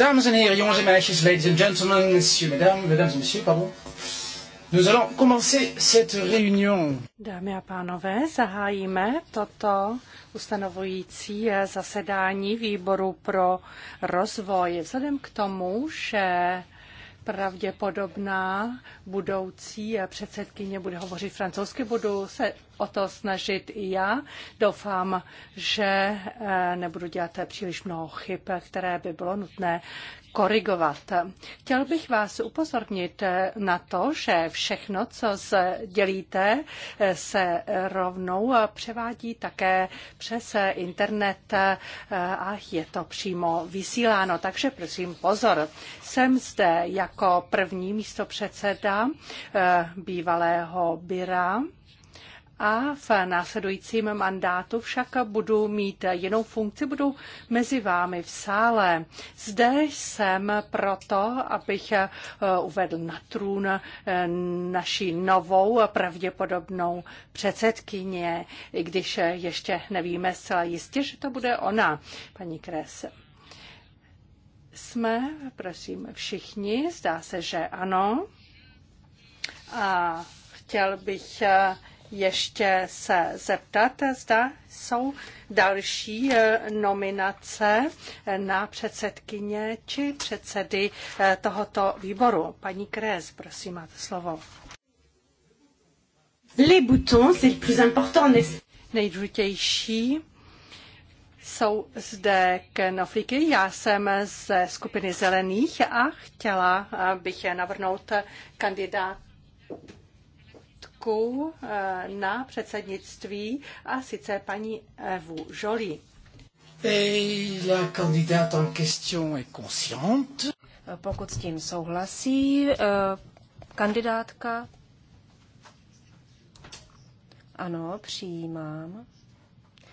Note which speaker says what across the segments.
Speaker 1: Dames en heren, jongens en meisjes, ladies and gentlemen, messieurs, mesdames, mesdames et messieurs, pardon. Nous allons commencer cette réunion.
Speaker 2: Dámy a pánové, zahájíme toto ustanovující eh, zasedání výboru pro rozvoj. Vzhledem k tomu, že pravděpodobná budoucí předsedkyně bude hovořit francouzsky, budu se o to snažit i já. Doufám, že eh, nebudu dělat příliš mnoho chyb, které by bylo nutné korigovat. Chtěl bych vás upozornit na to, že všechno, co dělíte, se rovnou převádí také přes internet a je to přímo vysíláno. Takže prosím pozor. Jsem zde jako první místopředseda bývalého byra a v následujícím mandátu však budu mít jinou funkci, budu mezi vámi v sále. Zde jsem proto, abych eh, uvedl na trůn eh, naší novou pravděpodobnou předsedkyně, i když eh, ještě nevíme zcela jistě, že to bude ona, paní Kres. Jsme, prosím, všichni, zdá se, že ano. A chtěl bych ještě se zeptat, zda jsou další eh, nominace eh, na předsedkyně či předsedy eh, tohoto výboru. Paní Kres, prosím, máte slovo. Les boutons, c'est le plus important, Nejdůležitější jsou zde knoflíky. Já jsem ze skupiny zelených a chtěla bych navrhnout kandidát otázku eh, na předsednictví a sice paní Evu Jolie.
Speaker 1: Pokud s tím souhlasí eh, kandidátka, ano, přijímám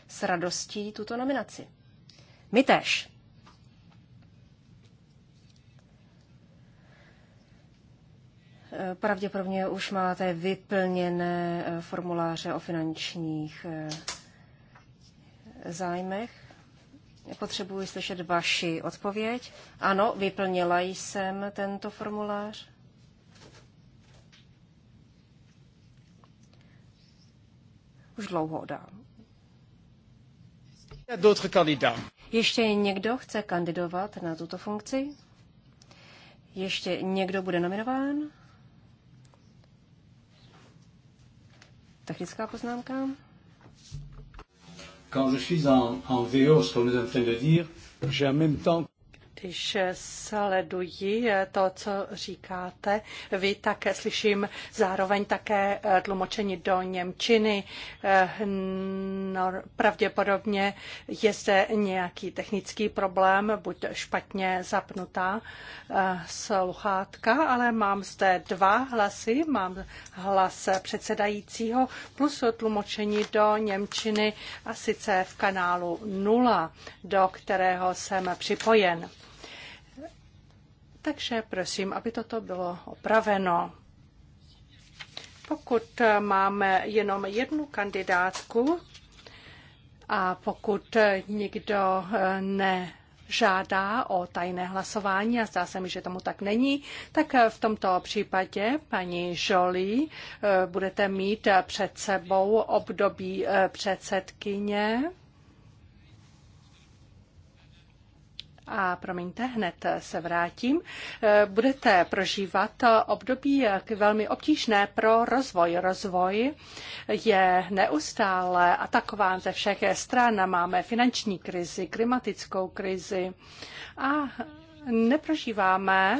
Speaker 1: s radostí tuto nominaci. My tež. pravděpodobně už máte vyplněné eh, formuláře o finančních eh, zájmech. Potřebuji slyšet vaši odpověď. Ano, vyplnila jsem tento formulář. Už dlouho dám. Ještě někdo chce kandidovat na tuto funkci? Ještě někdo bude nominován? Technická poznámka.
Speaker 3: Quand je suis en, en VO, ce qu'on est en train de dire, j'ai en même temps
Speaker 2: když sleduji to, co říkáte, vy také slyším zároveň také eh, tlumočení do Němčiny. No, pravděpodobně je zde nějaký technický problém, buď špatně zapnutá eh, sluchátka, ale mám zde dva hlasy. Mám hlas předsedajícího plus tlumočení do Němčiny a sice v kanálu 0, do kterého jsem připojen. Takže prosím, aby toto bylo opraveno. Pokud máme jenom jednu kandidátku a pokud nikdo eh, ne žádá o tajné hlasování a zdá se mi, že tomu tak není, tak eh, v tomto případě, paní Jolie, eh, budete mít před sebou období předsedkyně a promiňte, hned se vrátím, eh, budete prožívat období eh, velmi obtížné pro rozvoj. Rozvoj je neustále atakován ze všech stran. Máme finanční krizi, klimatickou krizi a neprožíváme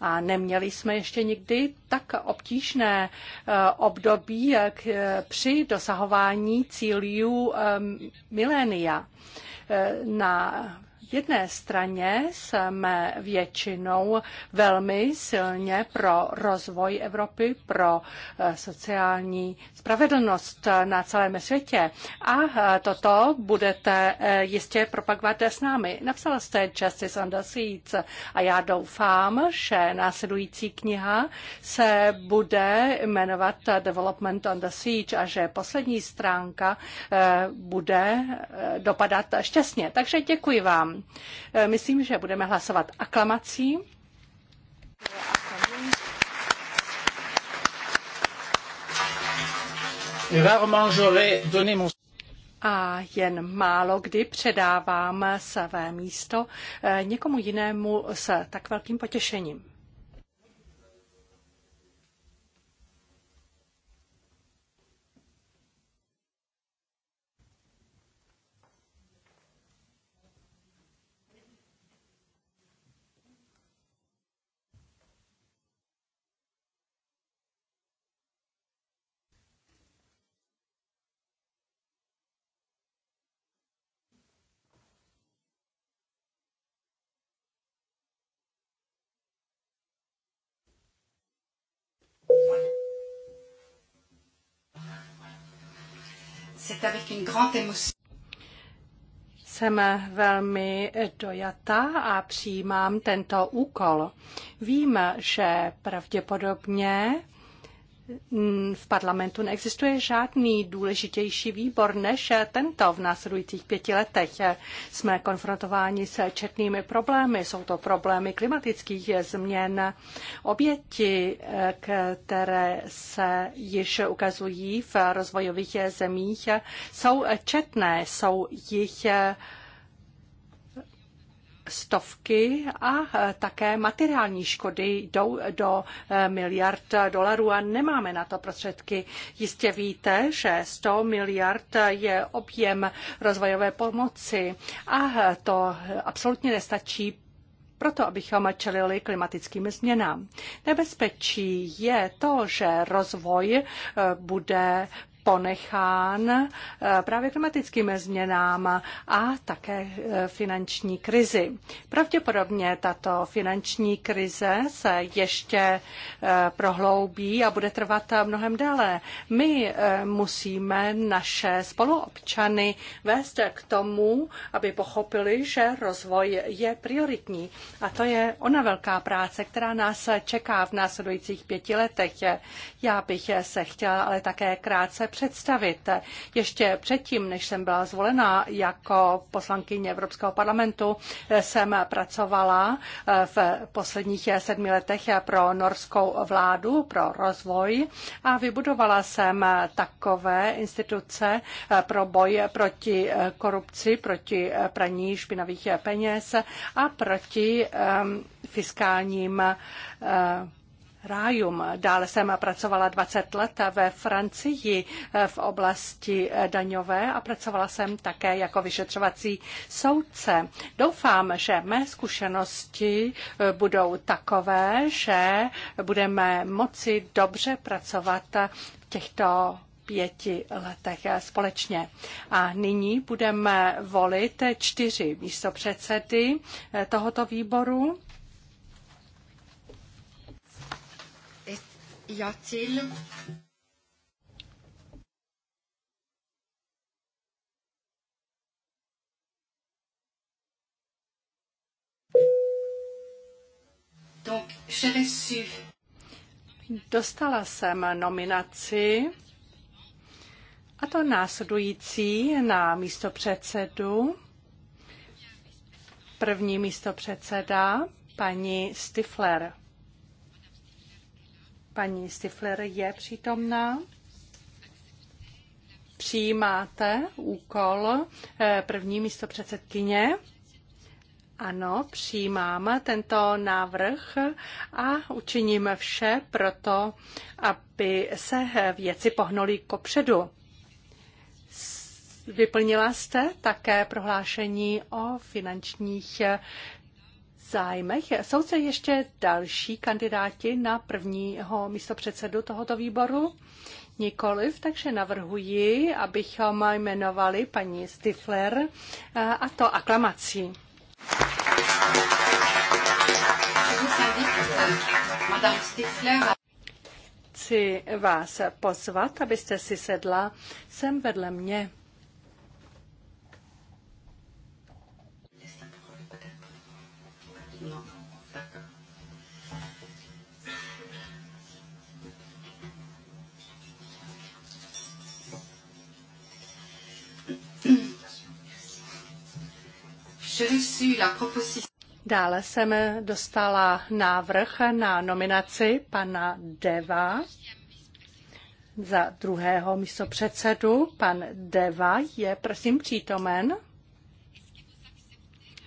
Speaker 2: a neměli jsme ještě nikdy tak obtížné eh, období jak při dosahování cílů milénia na jedné straně jsme většinou velmi silně pro rozvoj Evropy, pro eh, sociální spravedlnost eh, na celém světě. A eh, toto budete jistě propagovat s námi. Napsala jste Justice on the Seeds a já doufám, že následující kniha se bude jmenovat Development on the Seeds a že poslední stránka bude dopadat šťastně. Takže děkuji vám. Eh, myslím, že budeme hlasovat aklamací. A jen málo kdy předávám své místo eh, někomu jinému s tak velkým potěšením. Jsem velmi dojata a přijímám tento úkol. Vím, že pravděpodobně Mm, v parlamentu neexistuje žádný důležitější výbor než tento v následujících pěti letech. Jsme konfrontováni s četnými problémy. Jsou to problémy klimatických změn, oběti, které se již ukazují v rozvojových zemích, jsou četné, jsou jich stovky a eh, také materiální škody jdou do eh, miliard dolarů a nemáme na to prostředky. Jistě víte, že 100 miliard je objem rozvojové pomoci a eh, to absolutně nestačí proto, abychom čelili klimatickým změnám. Nebezpečí je to, že rozvoj bude ponechán eh, právě klimatickým změnám a také eh, finanční krizi. Pravděpodobně tato finanční krize se ještě eh, prohloubí a bude trvat mnohem déle. My musíme naše spoluobčany vést k tomu, aby pochopili, že rozvoj je prioritní. A to je ona velká práce, která nás čeká v následujících pěti letech. Já bych se chtěla ale také krátce představit. Ještě předtím, než jsem byla zvolena jako poslankyně Evropského parlamentu, jsem pracovala eh, v posledních eh, sedmi letech pro norskou vládu, pro rozvoj a vybudovala jsem eh, takové instituce pro boj proti korupci, proti praní špinavých peněz a proti ehm, fiskálním rájům. Dále jsem pracovala 20 let ve Francii v oblasti daňové a pracovala jsem také jako vyšetřovací soudce. Doufám, že mé zkušenosti budou takové, že budeme moci dobře pracovat v těchto pěti letech společně. A nyní budeme volit čtyři místopředsedy tohoto výboru.
Speaker 4: y a-t-il
Speaker 2: Donc, j'ai reçu. Dostala jsem nominaci a to následující na místo předsedu. První místo předseda paní Stifler. Paní Stifler je přítomná přijímáte úkol eh, první místo předsedkyně? Ano, přijímám tento návrh a učiním vše pro to, aby se věci pohnuly kopředu. Vyplnila jste také prohlášení o finančních zájmech. Jsou se ještě další kandidáti na prvního místopředsedu tohoto výboru? Nikoliv, takže navrhuji, abychom jmenovali paní Stifler eh, a to aklamací. Chci vás pozvat, abyste si sedla sem vedle mě. Dále jsem dostala návrh na nominaci pana Deva za druhého místopředsedu. Pan Deva je prosím přítomen.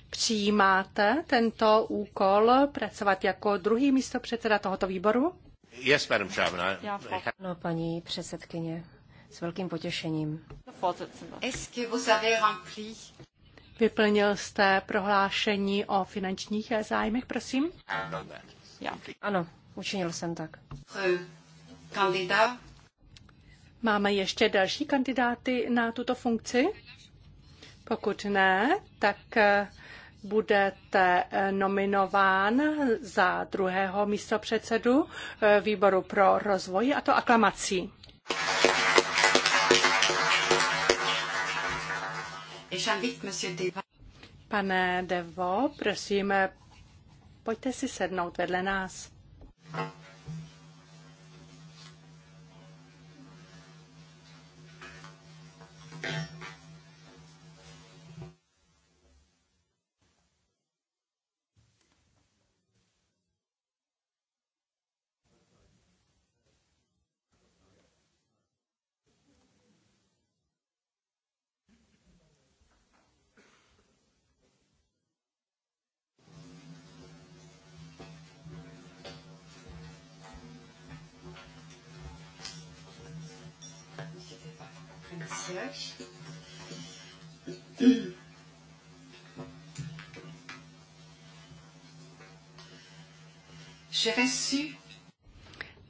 Speaker 2: Přijímáte tento úkol pracovat jako druhý místopředseda tohoto výboru?
Speaker 1: Yes, madam chairman.
Speaker 2: No, paní předsedkyně, s velkým potěšením. Vyplnil jste prohlášení o finančních zájmech, prosím? Já. Ano, učinil jsem tak.
Speaker 3: Kandidát.
Speaker 2: Máme ještě další kandidáty na tuto funkci? Pokud ne, tak eh, budete eh, nominován za druhého místopředsedu eh, výboru pro rozvoj a to aklamací. Pane Devo, prosím, pojďte si sednout vedle nás. Thank you.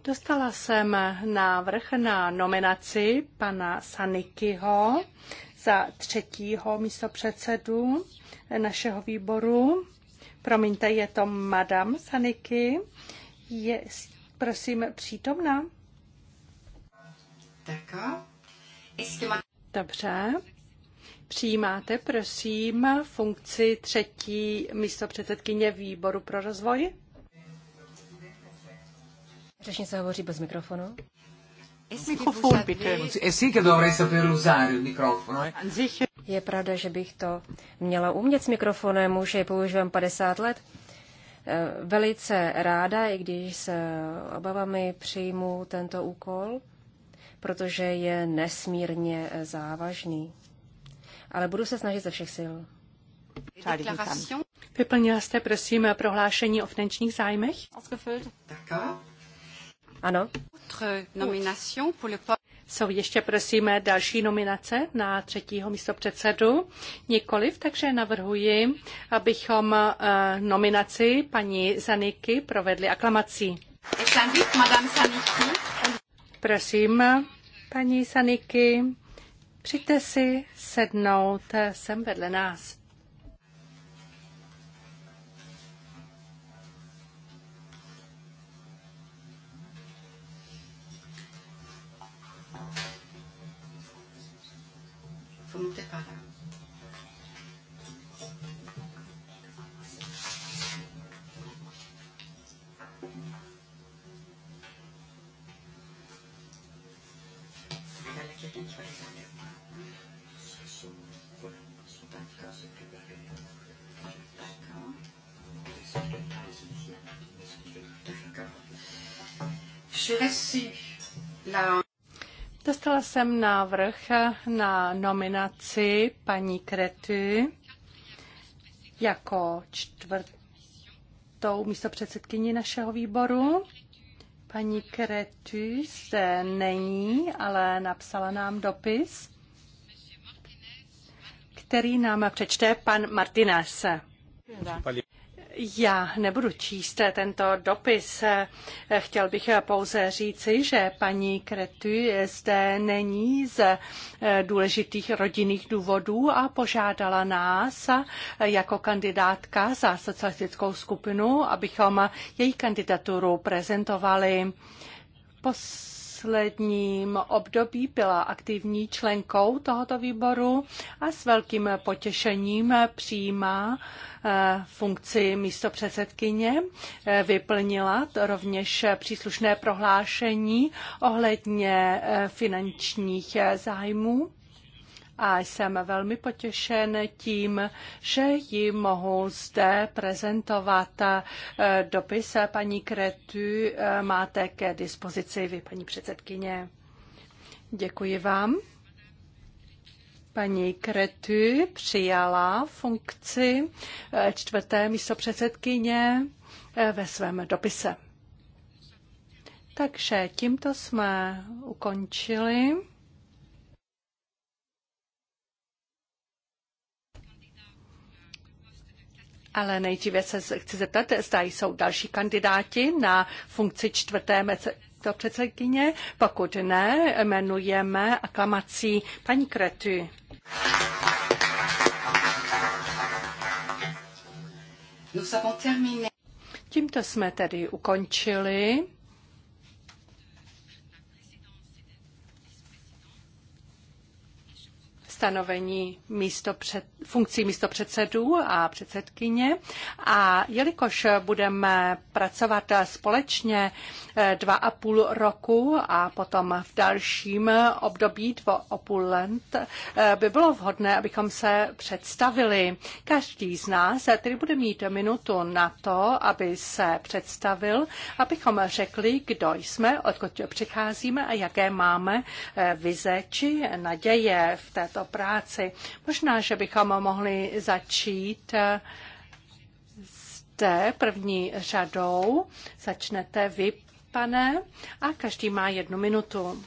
Speaker 2: Dostala jsem návrh na nominaci pana Sanikyho za třetího místopředsedu našeho výboru. Promiňte, je to madam Saniky. Je, prosím, přítomná? Dobře. Přijímáte, prosím, funkci třetí místopředsedkyně výboru pro rozvoj?
Speaker 1: Řečnice hovoří bez mikrofonu.
Speaker 3: Mikrofon, no
Speaker 1: ¿eh? Je pravda, že bych to měla umět s mikrofonem, už je používám 50 let. Eh, velice ráda, i když s obavami přijmu tento úkol, protože je nesmírně eh, závažný.
Speaker 2: Ale budu se snažit ze všech sil. Vyplnila jste, prosím, prohlášení o finančních zájmech? Děkuji. Ano. Jsou ještě prosím další nominace na třetího místopředsedu? Nikoliv, takže navrhuji, abychom eh, nominaci paní Zaniky provedli aklamací. Prosím, paní Zaniky, přijďte si sednout sem vedle nás. Tefara. Je suis la... Dostala jsem návrh na nominaci paní Krety jako čtvrtou místopředsedkyni našeho výboru. Paní Krety zde není, ale napsala nám dopis, který nám přečte pan Martinez. Já nebudu číst tento dopis. Chtěl bych pouze říci, že paní Kretu zde není z důležitých rodinných důvodů a požádala nás jako kandidátka za socialistickou skupinu, abychom její kandidaturu prezentovali. Pos- posledním období byla aktivní členkou tohoto výboru a s velkým potěšením přijímá eh, funkci místopředsedkyně. Eh, vyplnila rovněž příslušné prohlášení ohledně eh, finančních zájmů a jsem velmi potěšen tím, že ji mohu zde prezentovat. E, dopis e, paní Kretu e, máte ke dispozici vy, paní předsedkyně. Děkuji vám. Paní Kretu přijala funkci čtvrté místopředsedkyně ve svém dopise. Takže tímto jsme ukončili Ale nejdříve se chci zeptat, zda jsou další kandidáti na funkci čtvrté to předsedkyně. Pokud ne, jmenujeme aklamací paní Kretu. Tímto jsme tedy ukončili stanovení místo před, funkcí místopředsedů a předsedkyně. A jelikož budeme pracovat společně eh, dva a půl roku a potom v dalším období dvo a půl let, eh, by bylo vhodné, abychom se představili. Každý z nás eh, tedy bude mít minutu na to, aby se představil, abychom řekli, kdo jsme, odkud přicházíme a jaké máme vize či naděje v této práci. Možná, že bychom mohli začít zde první řadou. Začnete vy, pane, a každý má jednu minutu.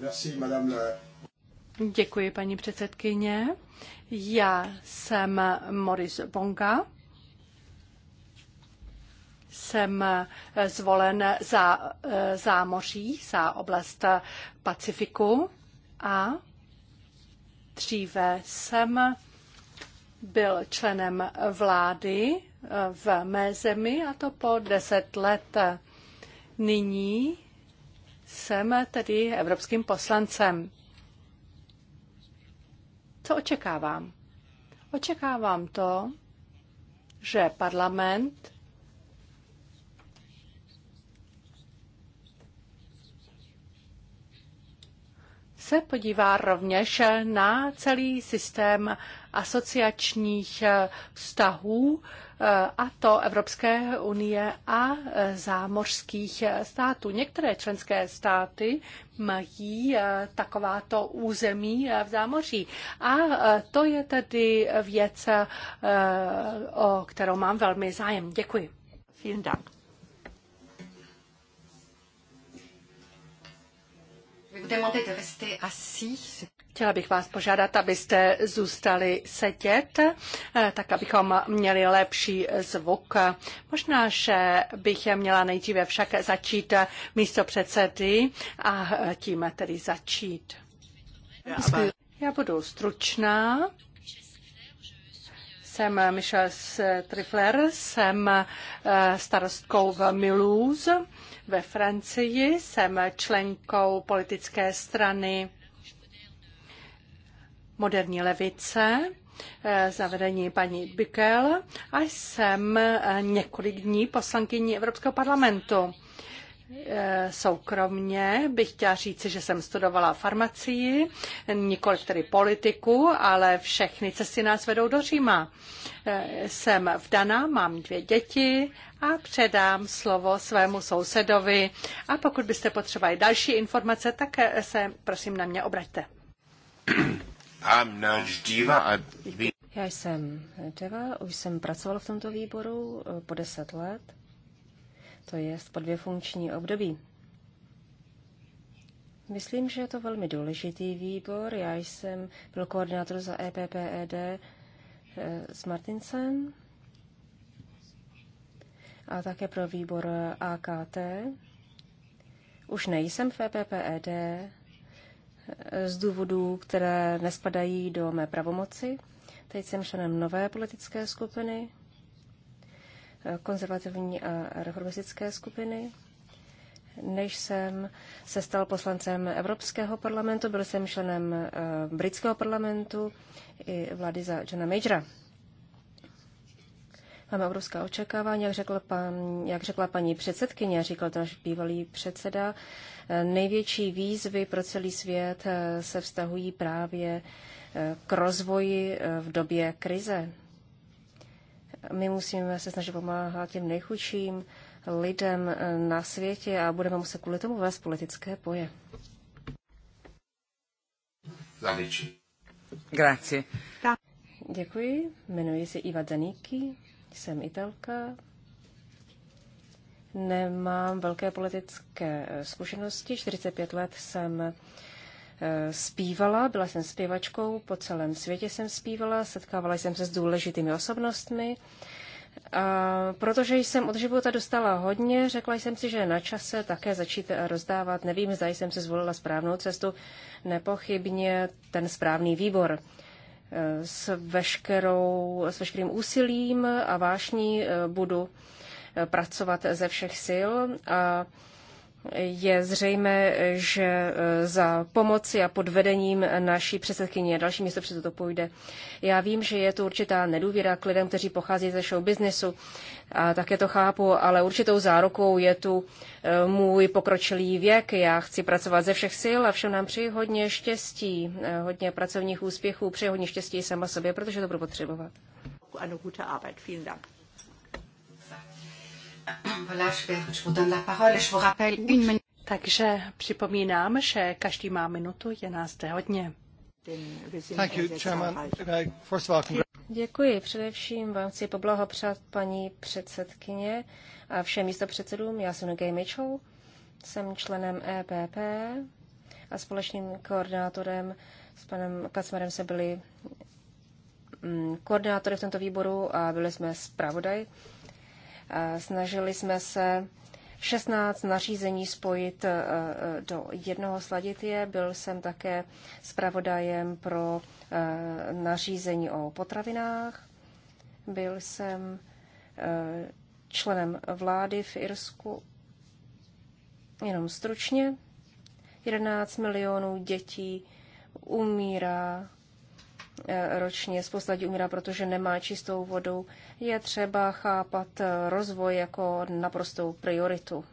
Speaker 1: Merci, madame la...
Speaker 2: Děkuji, paní předsedkyně. Já jsem Moris Bonga. Jsem zvolen za e, zámoří, za oblast Pacifiku a dříve jsem byl členem vlády eh, v mé zemi a to po deset let. Nyní jsem tedy evropským poslancem. Co očekávám? Očekávám to, že parlament se podívá rovněž na celý systém asociačních eh, vztahů, eh, a to Evropské unie a eh, zámořských států. Některé členské státy mají takováto území v zámoří. A to je tedy věc, o kterou mám velmi zájem. Děkuji. Vielen Dank. Chtěla bych vás požádat, abyste zůstali sedět, eh, tak abychom měli lepší zvuk. Možná, že bych měla nejdříve však začít eh, místo předsedy a eh, tím tedy začít. Já budu stručná jsem Michelle Trifler, jsem eh, starostkou v Milouze ve Francii, jsem členkou politické strany Moderní levice, eh, zavedení paní Bickel a jsem eh, několik dní poslankyní Evropského parlamentu. Eh, soukromně bych chtěla říci, že jsem studovala farmacii, nikoli tedy politiku, ale všechny cesty nás vedou do Říma. Eh, jsem vdaná, mám dvě děti a předám slovo svému sousedovi. A pokud byste potřebovali další informace, tak eh, se prosím na mě obraťte.
Speaker 1: Já jsem Deva, už jsem pracovala v tomto výboru po deset let to je po dvě funkční období. Myslím, že je to velmi důležitý výbor. Já jsem byl koordinátor za EPPED eh, s Martincem a také pro výbor AKT. Už nejsem v EPPED eh, z důvodů, které nespadají do mé pravomoci. Teď jsem členem nové politické skupiny, konzervativní a reformistické skupiny. Než jsem se stal poslancem Evropského parlamentu, byl jsem členem eh, britského parlamentu i vlády za Johna Majora. Máme obrovská očekávání, jak, řekl pan, jak řekla paní předsedkyně, říkal to náš bývalý předseda. Eh, největší výzvy pro celý svět eh, se vztahují právě k rozvoji v době krize. My musíme se snažit pomáhat těm nejchudším lidem eh, na světě a budeme muset kvůli tomu vést politické boje. Grazie. Děkuji. Jmenuji se Iva Zaníky, jsem Italka. Nemám velké politické eh, zkušenosti. 45 let jsem Eh, zpívala, byla jsem zpěvačkou, po celém světě jsem zpívala, setkávala jsem se s důležitými osobnostmi. A protože jsem od života dostala hodně, řekla jsem si, že je na čase také začít rozdávat. Nevím, zda jsem se zvolila správnou cestu, nepochybně ten správný výbor. Eh, s, veškerou, s veškerým úsilím a vášní eh, budu pracovat ze všech sil a je zřejmé, že e, za pomoci a pod vedením naší předsedkyně a další místo to půjde. Já vím, že je to určitá nedůvěra k lidem, kteří pochází ze show businessu a také to chápu, ale určitou zárukou je tu e, můj pokročilý věk. Já chci pracovat ze všech sil a všem nám přeji hodně štěstí, e, hodně pracovních úspěchů, přeji hodně štěstí sama sobě, protože to budu potřebovat. Ano, gute Arbeit. Vielen Dank.
Speaker 2: Takže připomínám, že každý má minutu, je nás zde hodně. Děkuji. Především vám chci poblahopřát
Speaker 1: paní předsedkyně a všem místopředsedům. Já jsem Gay Mitchell, jsem členem EPP a společným koordinátorem s panem Kacmarem se byli mm, koordinátory v tomto výboru a byli jsme zpravodaj Snažili jsme se 16 nařízení spojit e, e, do jednoho sladit je. Byl jsem také zpravodajem pro e, nařízení o potravinách. Byl jsem členem vlády v Irsku. Jenom stručně. 11 milionů dětí umírá Eh, ročně spousta lidí umírá, protože nemá čistou vodu, je třeba chápat eh, rozvoj jako naprostou prioritu.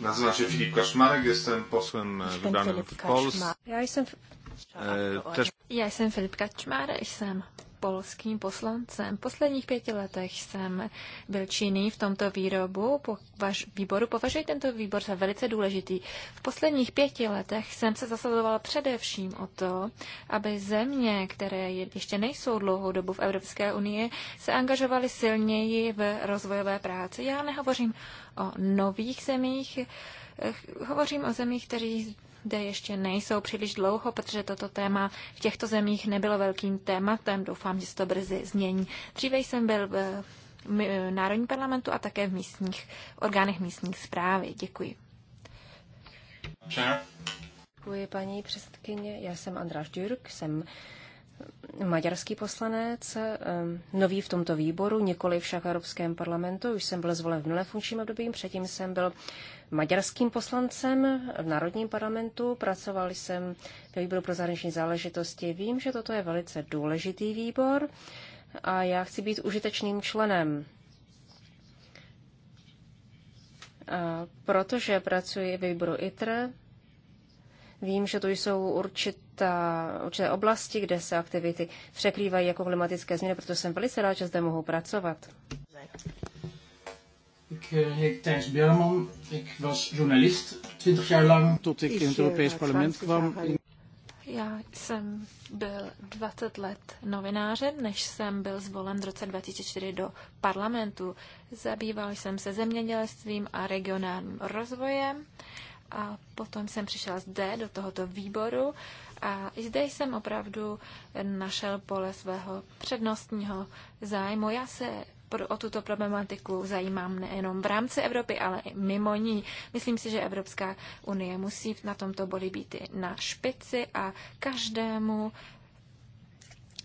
Speaker 2: Nazývám se Filip Kaczmarek, jsem poslem vybraným e, e, v Polsce.
Speaker 4: Já jsem... E, Filip Kaczmarek, jsem polským poslancem. V posledních pěti letech jsem byl činný v tomto výrobu, po vaš, výboru. Považuji tento výbor za velice důležitý. V posledních pěti letech jsem se zasazovala především o to, aby země, které ještě nejsou dlouhou dobu v Evropské unii, se angažovaly silněji v rozvojové práci. Já nehovořím o nových zemích, eh, hovořím o zemích, kteří zde ještě nejsou příliš dlouho, protože toto téma v těchto zemích nebylo velkým tématem. Doufám, že se to brzy změní. Dříve jsem byl v Národním parlamentu a také v místních orgánech místních
Speaker 1: zprávy. Děkuji. Děkuji, paní předsedkyně. Já jsem Andráš Dürk, jsem maďarský poslanec, nový v tomto výboru, nikoli však v Evropském parlamentu. Už jsem byl zvolen v minulém funkčním období, předtím jsem byl maďarským poslancem v Národním parlamentu, pracoval jsem ve výboru pro zahraniční záležitosti. Vím, že toto je velice důležitý výbor a já chci být užitečným členem. A protože pracuji ve výboru ITR, vím, že tu jsou určit ta určité oblasti, kde se aktivity překrývají jako klimatické změny, proto jsem velice rád, že zde mohu pracovat.
Speaker 3: Eh,
Speaker 4: Já jsem byl 20 let novinářem, než jsem byl zvolen v roce 2004 do parlamentu. Zabýval jsem se zemědělstvím a regionálním rozvojem a potom jsem přišel zde do tohoto výboru a zde jsem opravdu našel pole svého přednostního zájmu. Já se o tuto problematiku zajímám nejenom v rámci Evropy, ale i mimo ní. Myslím si, že Evropská unie musí na tomto boli být na špici
Speaker 1: a každému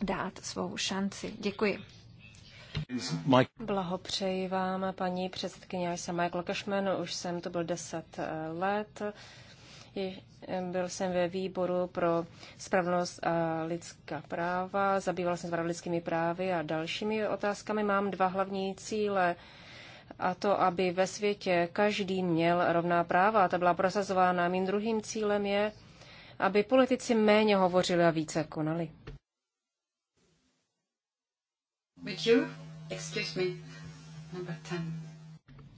Speaker 1: dát svou šanci. Děkuji. Blahopřeji vám, paní předsedkyně. Já jsem Michael Cashman, už jsem to byl 10 let. Byl jsem ve výboru pro spravnost a lidská práva, zabýval jsem se lidskými právy a dalšími otázkami. Mám dva hlavní cíle a to, aby ve světě každý měl rovná práva. Ta byla prosazována. Mým druhým cílem je, aby politici méně hovořili a více konali.
Speaker 3: Would you? Excuse me. Number 10.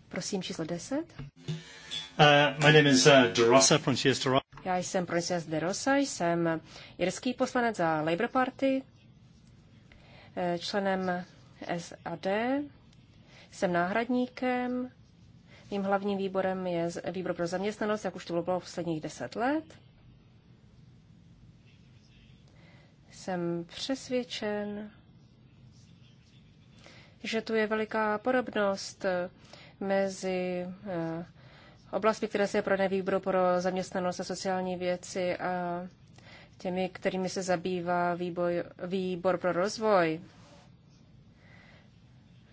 Speaker 1: Prosím, číslo 10.
Speaker 3: Uh, my name is uh, Derosa, Frances Derosa.
Speaker 1: Já jsem De Derosa, jsem jirský poslanec za Labour Party, eh, členem SAD, jsem náhradníkem, mým hlavním výborem je výbor pro zaměstnanost, jak už to bylo posledních deset let. Jsem přesvědčen, že tu je veliká podobnost eh, mezi eh, oblastmi, které se pro výbor pro zaměstnanost a sociální věci a těmi, kterými se zabývá výboj, výbor pro rozvoj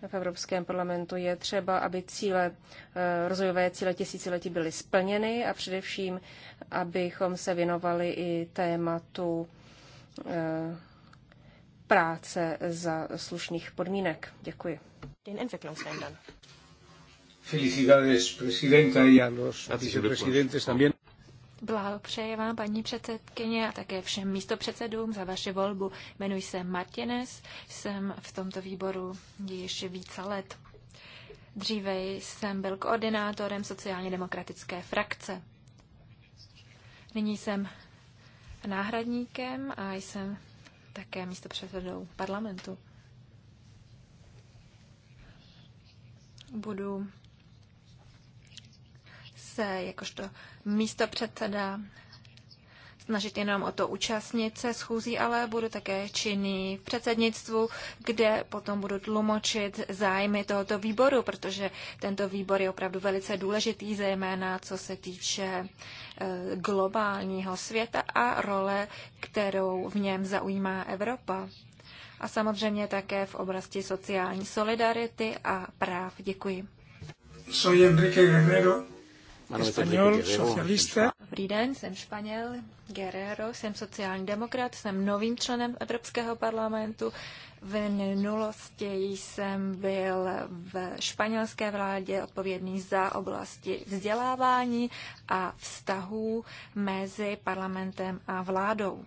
Speaker 1: v Evropském parlamentu, je třeba, aby cíle, eh, rozvojové cíle tisíciletí byly splněny a především, abychom se věnovali i tématu eh, práce za slušných podmínek. Děkuji. Den
Speaker 3: Felicidades, presidenta, y a los vicepresidentes
Speaker 1: también.
Speaker 4: Blahopřeji vám, paní předsedkyně, a také všem místopředsedům za vaše volbu. Jmenuji se Martinez, jsem v tomto výboru již více let. Dříve jsem byl koordinátorem sociálně demokratické frakce. Nyní jsem náhradníkem a jsem také místopředsedou parlamentu. Budu se jakožto místo předseda snažit jenom o to účastnit se schůzí, ale budu také činný v předsednictvu, kde potom budu tlumočit zájmy tohoto výboru, protože tento výbor je opravdu velice důležitý, zejména co se týče e, globálního světa a role, kterou v něm zaujímá Evropa. A samozřejmě také v oblasti sociální solidarity a práv. Děkuji.
Speaker 3: Soy Enrique Guerrero Španěl, socialista.
Speaker 4: Dobrý den, jsem Španěl, Guerrero, jsem sociální demokrat, jsem novým členem Evropského parlamentu. V minulosti jsem byl v španělské vládě odpovědný za oblasti vzdělávání a vztahů mezi parlamentem a vládou.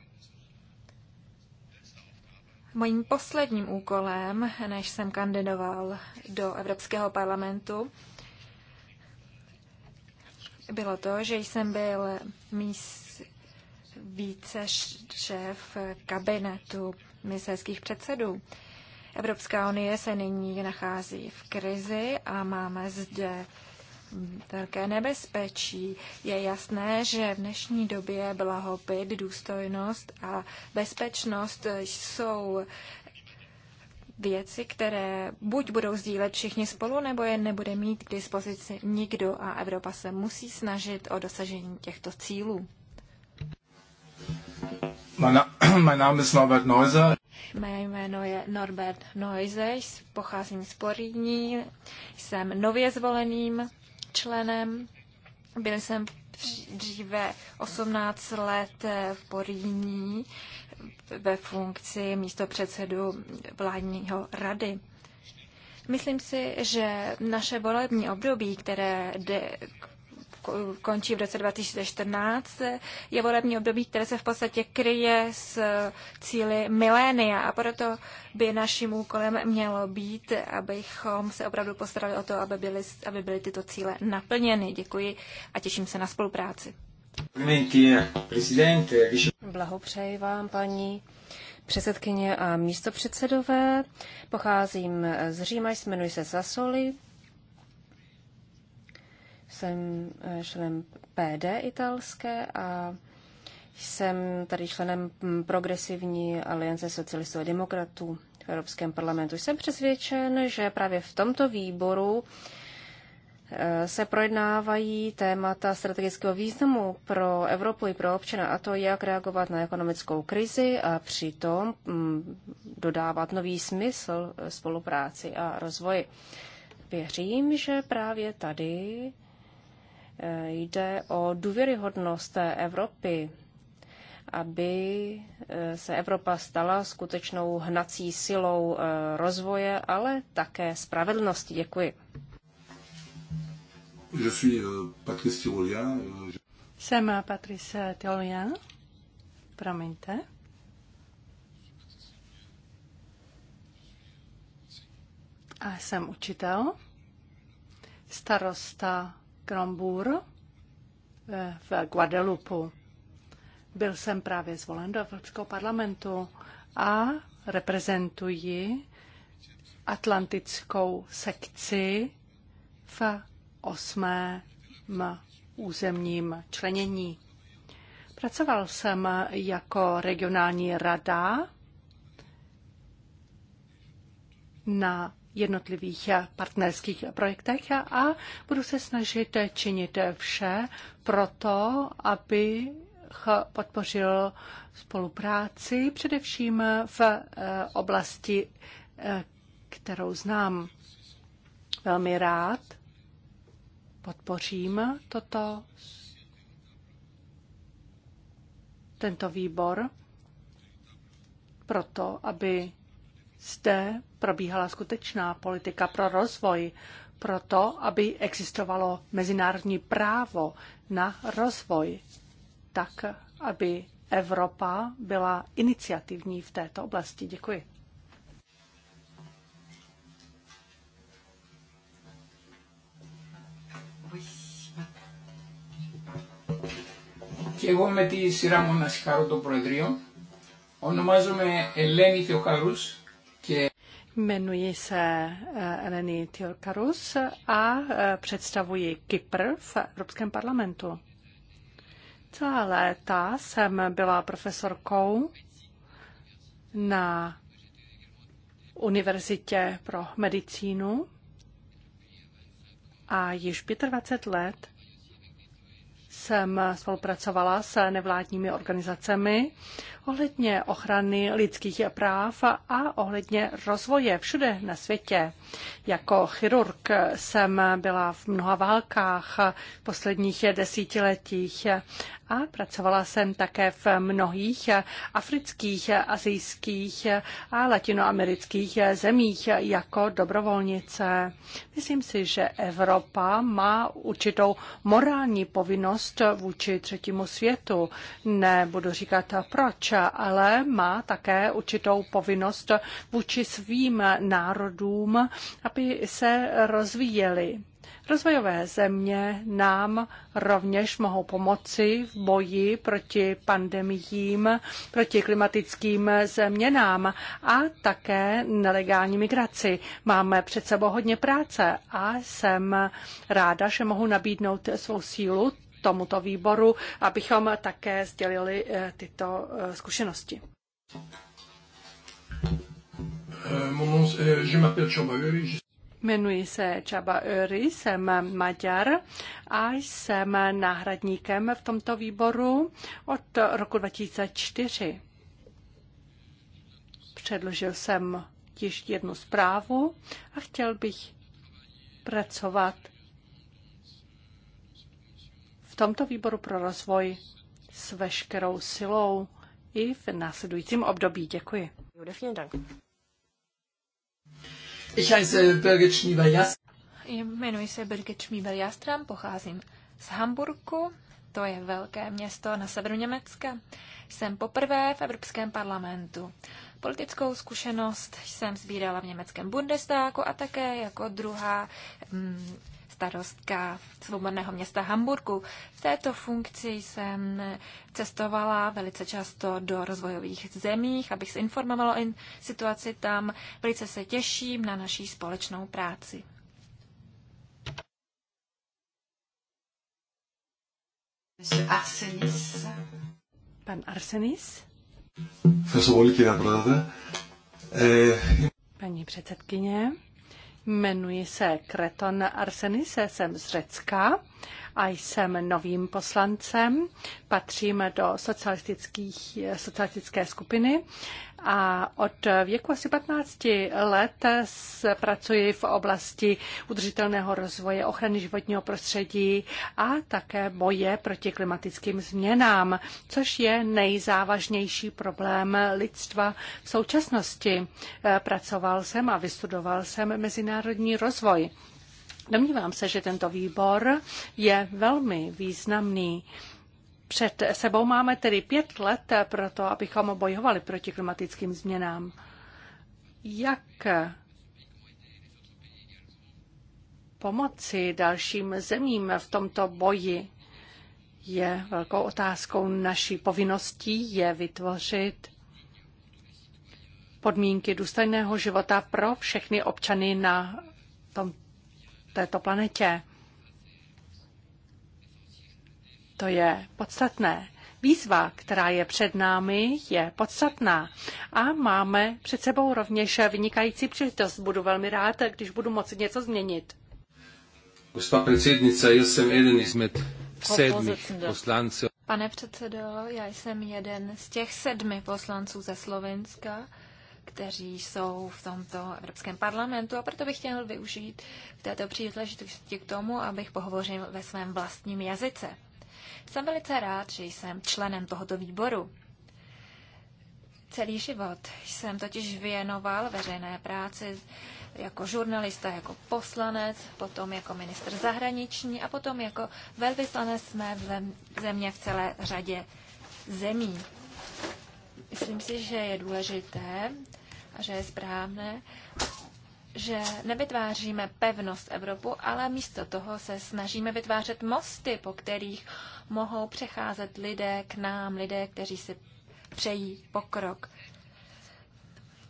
Speaker 4: Mojím posledním úkolem, než jsem kandidoval do Evropského parlamentu, bylo to, že jsem byl míst více šéf kabinetu ministerských předsedů. Evropská unie se nyní nachází v krizi a máme zde velké nebezpečí. Je jasné, že v dnešní době blahobyt, důstojnost a bezpečnost jsou věci, které buď budou sdílet všichni spolu, nebo je nebude mít k dispozici nikdo a Evropa se musí snažit o dosažení těchto cílů.
Speaker 1: Norbert Neuser.
Speaker 4: Mé jméno je Norbert Neuser, pocházím z Poríní, jsem nově zvoleným členem. Byl jsem dříve 18 let v Poríní ve funkci místo předsedu vládního rady. Myslím si, že naše volební období, které de, končí v roce 2014, je volební období, které se v podstatě kryje s cíly milénia a proto by naším úkolem mělo být, abychom se opravdu postarali o to, aby byly, aby byly tyto cíle naplněny.
Speaker 1: Děkuji a těším se na spolupráci. Eh, Blahopřeji vám, paní předsedkyně a místopředsedové. Pocházím eh, z Říma, jmenuji se Sasoli. Jsem eh, členem PD italské a jsem tady členem mm, Progresivní aliance socialistů a demokratů v Evropském parlamentu. Jsem přesvědčen, že právě v tomto výboru Eh, se projednávají témata strategického významu pro Evropu i pro občana, a to jak reagovat na ekonomickou krizi a přitom mm, dodávat nový smysl eh, spolupráci a rozvoji. Věřím, že právě tady eh, jde o důvěryhodnost Evropy, aby se Evropa stala skutečnou hnací silou rozvoje,
Speaker 2: ale také spravedlnosti. Děkuji.
Speaker 1: Je suis euh, Patrice Tyrolien. Euh,
Speaker 2: jsem eh, Patrice Tyrolien. Promiňte. A jsem učitel, starosta Grombur eh, v Guadalupu. Byl jsem právě zvolen do Evropského parlamentu a reprezentuji atlantickou sekci v osmém územním členění. Pracoval jsem jako regionální rada na jednotlivých partnerských projektech a budu se snažit činit vše pro to, aby podpořil spolupráci především v eh, oblasti, eh, kterou znám velmi rád podpořím toto, tento výbor proto, aby zde probíhala skutečná politika pro rozvoj, proto, aby existovalo mezinárodní právo na rozvoj, tak, aby Evropa byla iniciativní v této oblasti. Děkuji.
Speaker 3: Και εγώ με τη σειρά μου να συγχαρώ το Προεδρείο. Ονομάζομαι Ελένη Θεοχαρούς και
Speaker 2: Jmenuji se eh, Eleni Teokarus a eh, představuji Kypr v Evropském parlamentu. Celá léta jsem byla profesorkou na Univerzitě pro medicínu a již 25 let jsem spolupracovala s nevládními organizacemi ohledně ochrany lidských práv a ohledně rozvoje všude na světě. Jako chirurg jsem byla v mnoha válkách v posledních desítiletích a pracovala jsem také v mnohých afrických, azijských a latinoamerických zemích jako dobrovolnice. Myslím si, že Evropa má určitou morální povinnost vůči třetímu světu. Nebudu říkat proč, ale má také určitou povinnost vůči svým národům, aby se rozvíjeli. Rozvojové země nám rovněž mohou pomoci v boji proti pandemiím, proti klimatickým změnám a také nelegální migraci. Máme před sebou hodně práce a jsem ráda, že mohu nabídnout svou sílu tomuto výboru, abychom také sdělili eh, tyto eh, zkušenosti. Eh, Jmenuji se Čaba Öry, jsem Maďar a jsem náhradníkem v tomto výboru od roku 2004. Předložil jsem již jednu zprávu a chtěl bych pracovat v tomto výboru pro rozvoj s veškerou silou i v následujícím období. Děkuji.
Speaker 4: Jmenuji se Birgit Schnieber-Jastram, pocházím z Hamburku, to je velké město na severu Německa. Jsem poprvé v Evropském parlamentu. Politickou zkušenost jsem sbírala v německém Bundestagu a také jako druhá mm, starostka svobodného města Hamburgu. V této funkci jsem cestovala velice často do rozvojových zemích, abych se informovala o situaci tam. Velice se těším na
Speaker 2: naší společnou práci. Arsenis. Pan Arsenis. Paní předsedkyně, Jmenuji se Kreton Arsenise, jsem z Řecka a jsem novým poslancem. Patřím do socialistické skupiny a od věku asi 15 let pracuji v oblasti udržitelného rozvoje, ochrany životního prostředí a také boje proti klimatickým změnám, což je nejzávažnější problém lidstva v současnosti. Pracoval jsem a vystudoval jsem mezinárodní rozvoj. Domnívám se, že tento výbor je velmi významný. Před sebou máme tedy pět let pro to, abychom bojovali proti klimatickým změnám. Jak pomoci dalším zemím v tomto boji je velkou otázkou. Naší povinností je vytvořit podmínky důstojného života pro všechny občany na tom této planetě. To je podstatné. Výzva, která je před námi, je podstatná a máme před sebou rovněž vynikající příležitost. Budu velmi rád, když budu moci něco změnit. Gospa předsednice, já jsem jeden z sedmi poslanců.
Speaker 4: Pane předsedo, já jsem jeden z těch sedmi poslanců ze Slovenska, kteří jsou v tomto Evropském parlamentu a proto bych chtěl využít v této příležitosti k tomu, abych pohovořil ve svém vlastním jazyce. Jsem velice rád, že jsem členem tohoto výboru. Celý život jsem totiž věnoval veřejné práci jako žurnalista, jako poslanec, potom jako ministr zahraniční a potom jako velvyslanec jsme v země v celé řadě zemí. Myslím si, že je důležité že je správné, že nevytváříme pevnost Evropu, ale místo toho se snažíme vytvářet mosty, po kterých mohou přecházet lidé k nám, lidé, kteří si přejí pokrok.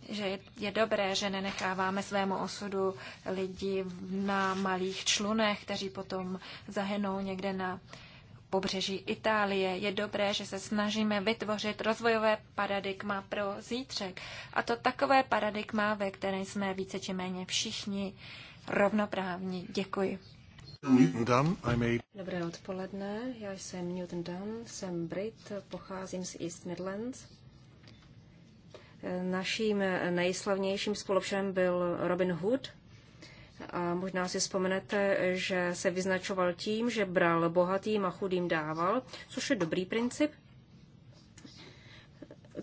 Speaker 4: Že je dobré, že nenecháváme svému osudu lidi na malých člunech, kteří potom zahynou někde na uh, pobřeží Itálie. Je dobré, že se snažíme vytvořit rozvojové paradigma pro zítřek. A to takové paradigma, ve které jsme více či méně
Speaker 1: všichni rovnoprávní. Děkuji. Dobré odpoledne, já jsem Newton Dunn, jsem Brit, pocházím z East Midlands. Naším nejslavnějším spolupčanem byl Robin Hood, a možná si vzpomenete, že se vyznačoval tím, že bral bohatým a chudým dával, což je dobrý princip.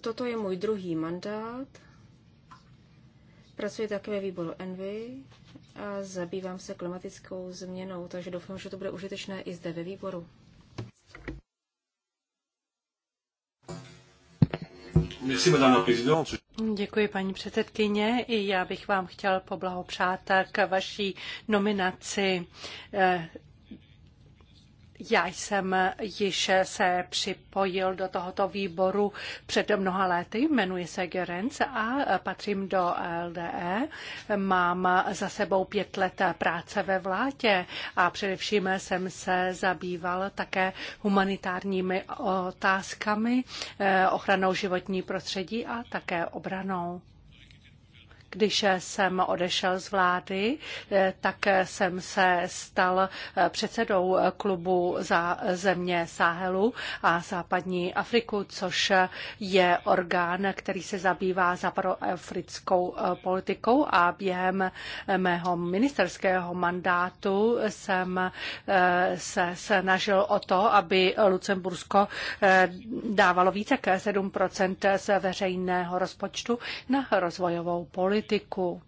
Speaker 1: Toto je můj druhý mandát. Pracuji také ve výboru Envy a zabývám se klimatickou změnou, takže doufám, že to bude užitečné i zde ve
Speaker 2: výboru. Děkuji, paní předsedkyně. I já bych vám chtěl poblahopřát k vaší nominaci. Eh, já jsem již se připojil do tohoto výboru před mnoha lety, jmenuji se Gerenc a patřím do LDE. Mám za sebou pět let práce ve vládě a především jsem se zabýval také humanitárními otázkami, eh, ochranou životní prostředí a také obranou. Když jsem odešel z vlády, eh, tak jsem se stal eh, předsedou klubu za země Sáhelu a západní Afriku, což je orgán, který se zabývá západoafrickou eh, politikou a během mého ministerského mandátu jsem se snažil o to, aby Lucembursko dávalo více k 7 z veřejného rozpočtu na rozvojovou politiku politiku.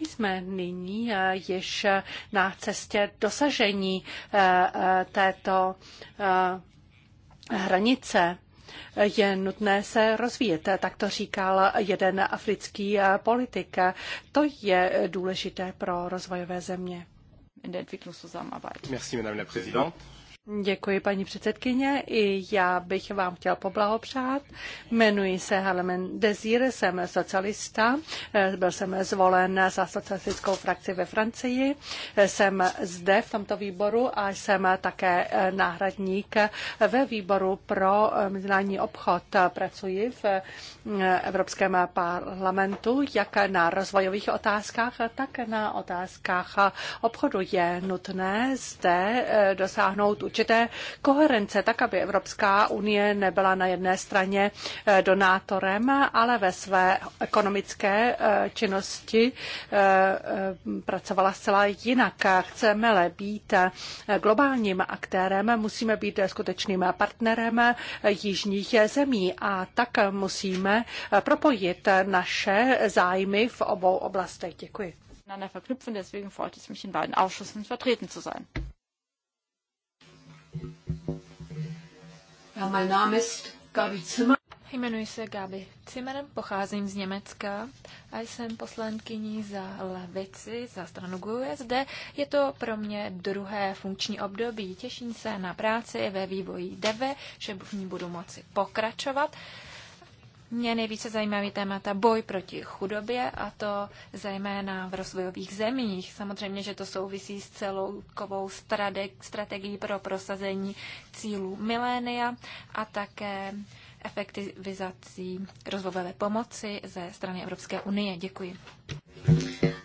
Speaker 2: My jsme nyní eh, již eh, na cestě dosažení eh, této hranice je nutné se rozvíjet. Tak to říkal jeden africký politik. To je důležité pro rozvojové země.
Speaker 1: Merci, madame la présidente.
Speaker 2: Děkuji, paní předsedkyně. I já bych vám chtěl poblahopřát. Jmenuji se Helen Desir, jsem socialista, byl jsem zvolen za socialistickou frakci ve Francii. Jsem zde v tomto výboru a jsem také náhradník ve výboru pro mezinárodní obchod. Pracuji v Evropském parlamentu jak na rozvojových otázkách, tak na otázkách obchodu. Je nutné zde dosáhnout určitě určité koherence, tak aby Evropská unie nebyla na jedné straně eh, donátorem, ale ve své ekonomické eh, činnosti eh, pracovala zcela jinak. Chceme-li být globálním aktérem, musíme být skutečným partnerem jižních zemí a tak musíme propojit naše zájmy v obou oblastech.
Speaker 3: Děkuji. miteinander verknüpfen. Deswegen freut es mich, in beiden Ausschüssen vertreten zu sein. Gabi Zimmer.
Speaker 4: Jmenuji se Gabi Zimmer, pocházím z Německa a jsem poslankyní za levici, za stranu GUE. Zde je to pro mě druhé funkční období. Těším se na práci ve vývoji DEVE, že v ní budu moci pokračovat mě nejvíce zajímaví témata boj proti chudobě a to zejména v rozvojových zemích. Samozřejmě, že to souvisí s celoukovou strategií pro prosazení cílů milénia a také efektivizací rozvojové pomoci ze strany Evropské unie. Děkuji.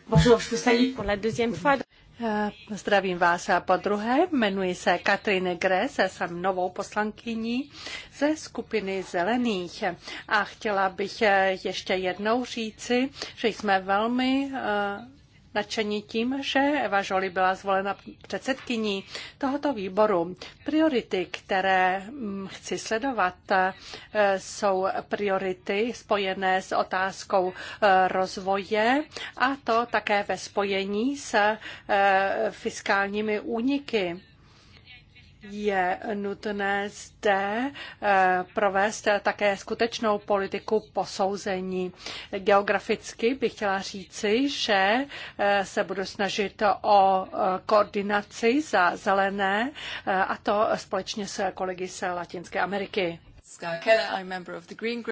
Speaker 2: Bonjour, je vous salue pour la deuxième fois. Eh, zdravím vás po druhé, jmenuji se Katrin Gres, jsem novou poslankyní ze skupiny Zelených a chtěla bych eh, ještě jednou říci, že jsme velmi eh, nadšení tím, že Eva Žoli byla zvolena předsedkyní tohoto výboru. Priority, které mm, chci sledovat, eh, jsou priority spojené s otázkou eh, rozvoje a to také ve spojení s eh, fiskálními úniky je nutné zde eh, provést také skutečnou politiku posouzení. Geograficky bych chtěla říci, že eh, se budu snažit o eh, koordinaci za zelené a to společně s kolegy z Latinské Ameriky.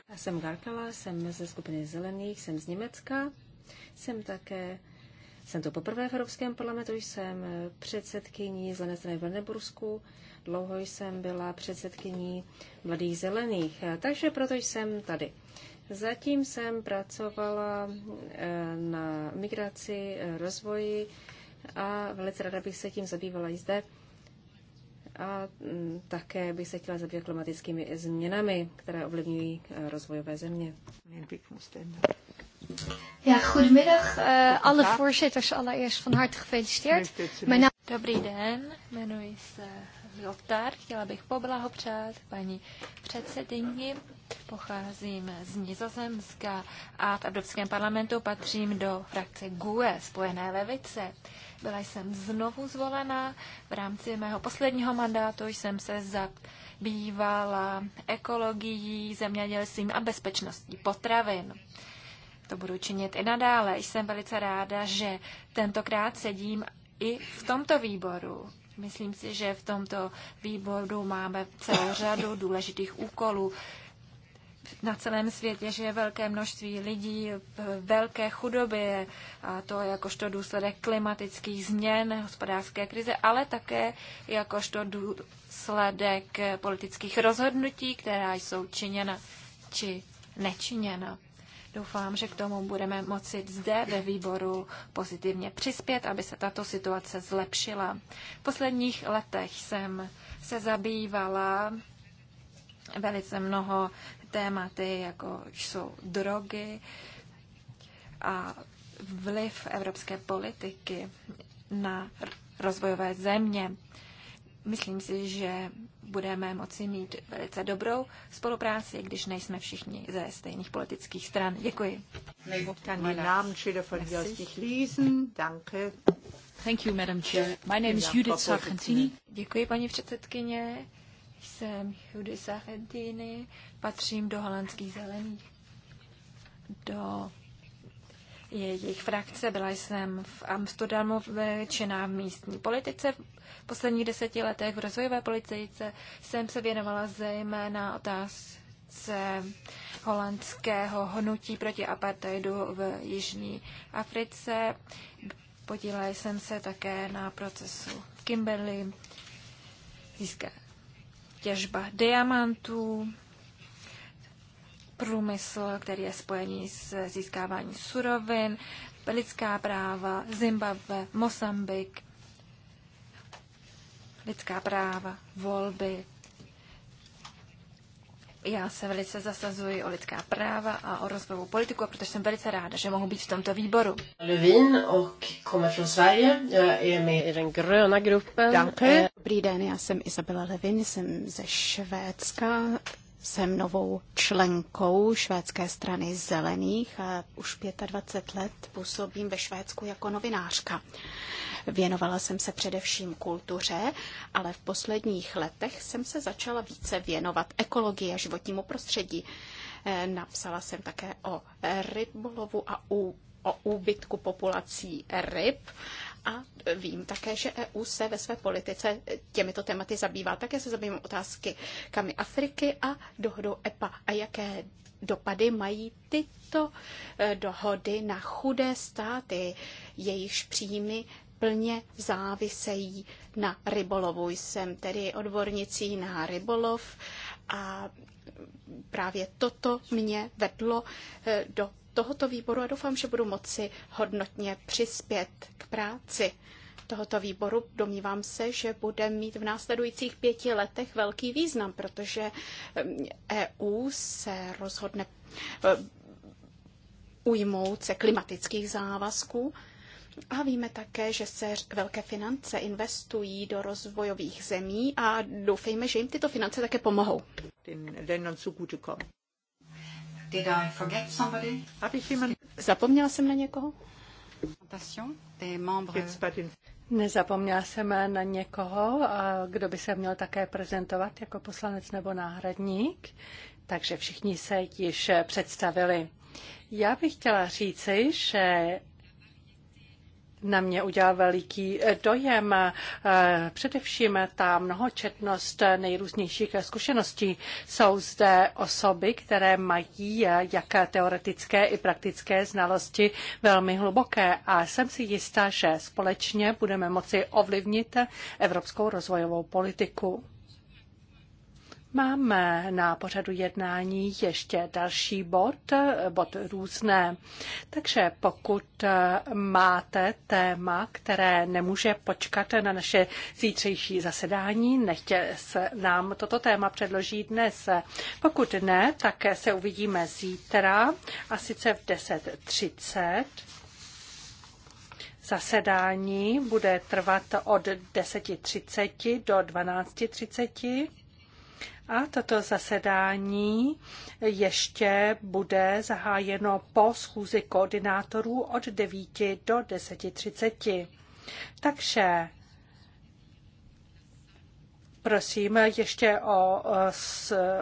Speaker 2: Já jsem Garkela, jsem ze skupiny zelených, jsem z Německa, jsem
Speaker 1: také jsem to poprvé v Evropském parlamentu, jsem eh, předsedkyní zelené strany v Lnebursku, dlouho jsem byla předsedkyní Mladých zelených, eh, takže proto jsem tady. Zatím jsem pracovala eh, na migraci, rozvoji a velice ráda bych se tím zabývala i zde. A mm, také bych se chtěla zabývat klimatickými změnami, které ovlivňují rozvojové země. Ja, goedemiddag uh, alle
Speaker 4: voorzitters. Allereerst van harte gefeliciteerd. Mijn naam... Dobrý den, jmenuji se Lotar. Chtěla bych poblahopřát paní předsedkyni. Pocházím z Nizozemska a v Evropském parlamentu patřím do frakce GUE, Spojené levice. Byla jsem znovu zvolena. V rámci mého posledního mandátu jsem se zabývala ekologií, zemědělstvím a bezpečností potravin to budu činit i nadále. Jsem velice ráda, že tentokrát sedím i v tomto výboru. Myslím si, že v tomto výboru máme celou řadu důležitých úkolů. Na celém světě žije velké množství lidí v velké chudobě, a to jakožto důsledek klimatických změn, hospodářské krize, ale také jakožto důsledek politických rozhodnutí, která jsou činěna či nečiněna. Doufám, že k tomu budeme moci zde ve výboru pozitivně přispět, aby se tato situace zlepšila. V posledních letech jsem se zabývala velice mnoho tématy, jako jsou drogy a vliv evropské politiky na rozvojové země. Myslím si, že budeme moci mít velice dobrou spolupráci, když nejsme všichni ze stejných politických stran. Děkuji. Thank you, Madam Chair. My name is Judith Sargentini. Děkuji, paní předsedkyně. Jsem Judith Sargentini, patřím do holandských zelených, do jejich frakce. Byla jsem v Amsterdamu činná v místní politice. V posledních deseti letech v rozvojové politice jsem se věnovala zejména otázce holandského hnutí proti apartheidu v Jižní Africe. Podílela jsem se také na procesu Kimberley, získá těžba diamantů, průmysl, který je spojený s získáváním surovin, lidská práva, Zimbabwe, Mosambik, lidská práva, volby. Já se velice zasazuji o lidská práva a o rozvojovou politiku, protože jsem velice ráda, že mohu být v tomto výboru.
Speaker 1: Levin a Sverige. Jag är i den gröna gruppen.
Speaker 2: Eh,
Speaker 3: Dobrý den, já jsem Isabela Levin, jsem ze Švédska, jsem novou členkou švédské strany zelených a už 25 let působím ve Švédsku jako novinářka. Věnovala jsem se především kultuře, ale v posledních letech jsem se začala více věnovat ekologii a životnímu prostředí. E, napsala jsem také o rybolovu a o úbytku populací ryb a vím také, že EU se ve své politice těmito tématy zabývá. Také se zabývám otázky kamy Afriky a dohodou EPA. A jaké dopady mají tyto eh, dohody na chudé státy, jejichž příjmy plně závisejí na rybolovu. Jsem tedy odbornicí na rybolov a právě toto mě vedlo eh, do tohoto výboru a doufám, že budu moci hodnotně přispět k práci tohoto výboru. Domnívám se, že bude mít v následujících pěti letech velký význam, protože EU se rozhodne ujmout se klimatických závazků. A víme také, že se velké finance investují do rozvojových zemí a doufejme, že jim tyto finance také pomohou. Did I forget somebody? Zapomněla jsem na někoho?
Speaker 2: Nezapomněla jsem na někoho, kdo by se měl také prezentovat jako poslanec nebo náhradník, takže všichni se již představili. Já bych chtěla říci, že na mě udělal veliký eh, dojem. Eh, především ta mnohočetnost nejrůznějších zkušeností. Jsou zde osoby, které mají eh, jak teoretické i praktické znalosti velmi hluboké a jsem si jistá, že společně budeme moci ovlivnit evropskou rozvojovou politiku. Máme na pořadu jednání ještě další bod, bod různé. Takže pokud máte téma, které nemůže počkat na naše zítřejší zasedání, nechtě se nám toto téma předloží dnes. Pokud ne, tak se uvidíme zítra a sice v 10.30 zasedání bude trvat od 10.30 do 12.30 a toto zasedání ještě bude zahájeno po schůzi koordinátorů od 9 do 10.30. Takže prosím ještě o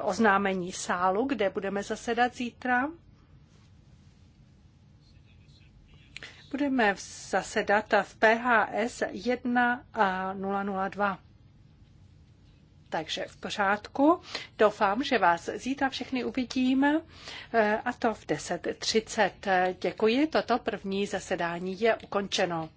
Speaker 2: oznámení sálu, kde budeme zasedat zítra. Budeme zasedat v PHS 1 a 002. Takže v pořádku. Doufám, že vás zítra všechny uvidím eh, a to v 10.30. Děkuji, toto první zasedání je ukončeno.